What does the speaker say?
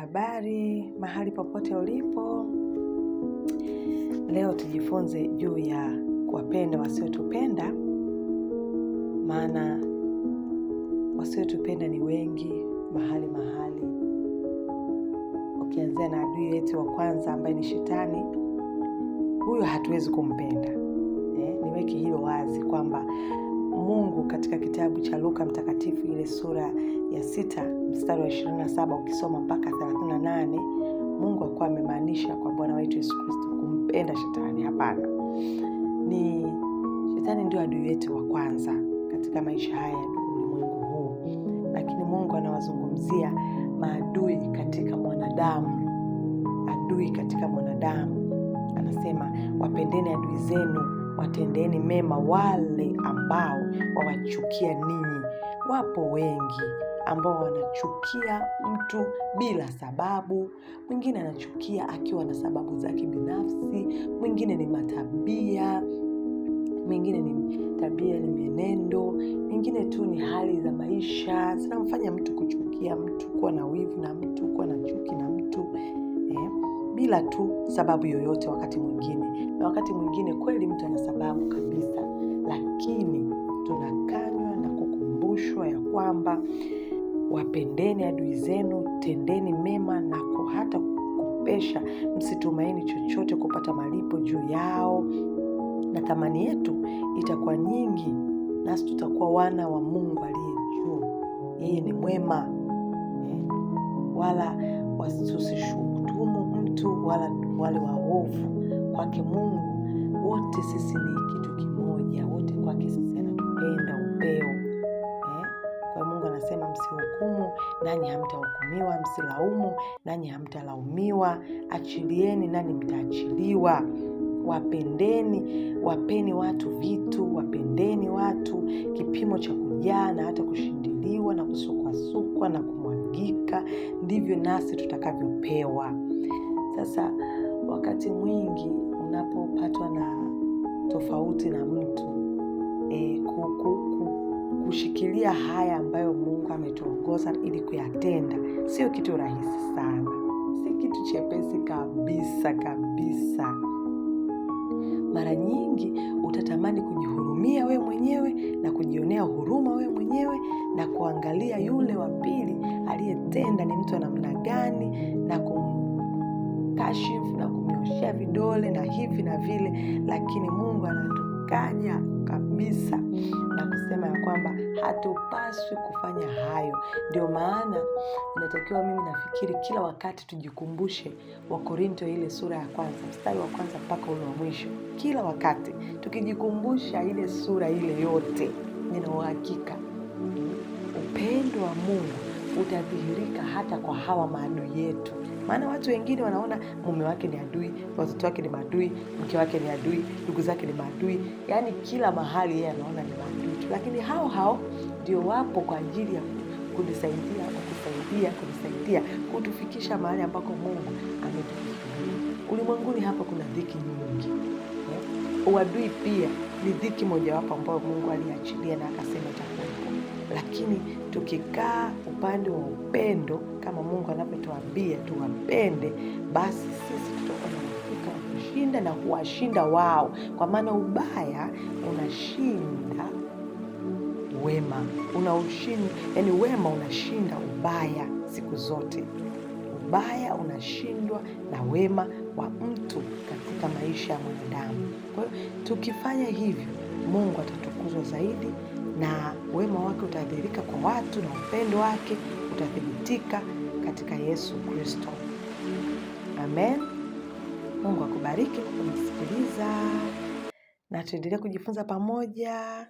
Habari mahali popote ulipo, leo tujifunze juu ya kuwapenda wasiotupenda, maana wasiotupenda ni wengi mahali mahali, ukianzia na adui yetu wa kwanza ambaye ni Shetani, huyo hatuwezi kumpenda eh, niweke hilo wazi kwamba Mungu katika kitabu cha Luka Mtakatifu ile sura ya sita mstari wa 27 ukisoma mpaka 38, Mungu akuwa amemaanisha kwa Bwana wetu Yesu Kristo kumpenda shetani. Hapana, ni shetani ndio adui wetu wa kwanza katika maisha haya ulimwengu huu, lakini Mungu anawazungumzia maadui katika mwanadamu, adui katika mwanadamu. Anasema wapendeni adui zenu watendeni mema wale ambao wawachukia ninyi. Wapo wengi ambao wanachukia mtu bila sababu. Mwingine anachukia akiwa na sababu zake binafsi, mwingine ni matabia, mwingine ni tabia, ni mienendo, mwingine tu ni hali za maisha zinamfanya mtu kuchukia mtu, kuwa na wivu na mtu bila tu sababu yoyote wakati mwingine, na wakati mwingine kweli mtu ana sababu kabisa, lakini tunakanywa na kukumbushwa ya kwamba wapendeni adui zenu, tendeni mema na hata kukopesha, msitumaini chochote kupata malipo juu yao, na thamani yetu itakuwa nyingi, nasi tutakuwa wana wa Mungu aliye juu. Yeye ni mwema, wala wasusishutumu tu wala wale waovu. Kwake Mungu wote sisi ni kitu kimoja, wote kwake sisi anatupenda upeo eh? Kwa Mungu anasema msihukumu, nanyi hamtahukumiwa, msilaumu, nanyi hamtalaumiwa, achilieni, nanyi mtaachiliwa Wapendeni, wapeni watu vitu, wapendeni watu kipimo cha kujaa na hata kushindiliwa na kusukwasukwa na kumwagika, ndivyo nasi tutakavyopewa. Sasa wakati mwingi unapopatwa na tofauti na mtu e, kuku, kushikilia haya ambayo Mungu ametuongoza ili kuyatenda sio kitu rahisi sana, si kitu chepesi kabisa kabisa. Mara nyingi utatamani kujihurumia wewe mwenyewe na kujionea huruma wewe mwenyewe na kuangalia yule wa pili aliyetenda ni mtu wa namna gani na kashifu na kumnyoshea vidole na hivi na vile, lakini Mungu anatukanya kabisa na kusema ya kwamba hatupaswi kufanya hayo. Ndio maana inatakiwa mimi nafikiri kila wakati tujikumbushe Wakorinto ile sura ya kwanza mstari wa kwanza mpaka ule wa mwisho. Kila wakati tukijikumbusha ile sura ile yote, nina uhakika upendo wa Mungu utadhihirika hata kwa hawa maadui yetu. Maana watu wengine wanaona mume wake ni adui, watoto wake ni maadui, mke wake ni adui, ndugu zake ni maadui, yaani kila mahali yeye anaona ni maadui tu, lakini hao hao ndio wapo kwa ajili ya kunisaidia, kutusaidia, kunisaidia kutufikisha mahali ambako Mungu ametukusudia. Ulimwenguni hapa kuna dhiki nyingi yeah. Uadui pia ni dhiki mojawapo ambayo Mungu aliachilia na akasema lakini tukikaa upande wa upendo kama Mungu anavyotuambia tuwapende, basi sisi tutakuwa na uhakika wa kushinda na kuwashinda wao, kwa maana ubaya unashinda wema, unaushinda yani, wema unashinda ubaya siku zote. Ubaya unashindwa na wema wa mtu katika maisha ya mwanadamu. Kwa hiyo tukifanya hivyo, Mungu atatukuzwa zaidi na wema wake utadhihirika kwa watu na upendo wake utathibitika katika Yesu Kristo. Amen. Mungu akubariki kwa kunisikiliza na tuendelee kujifunza pamoja.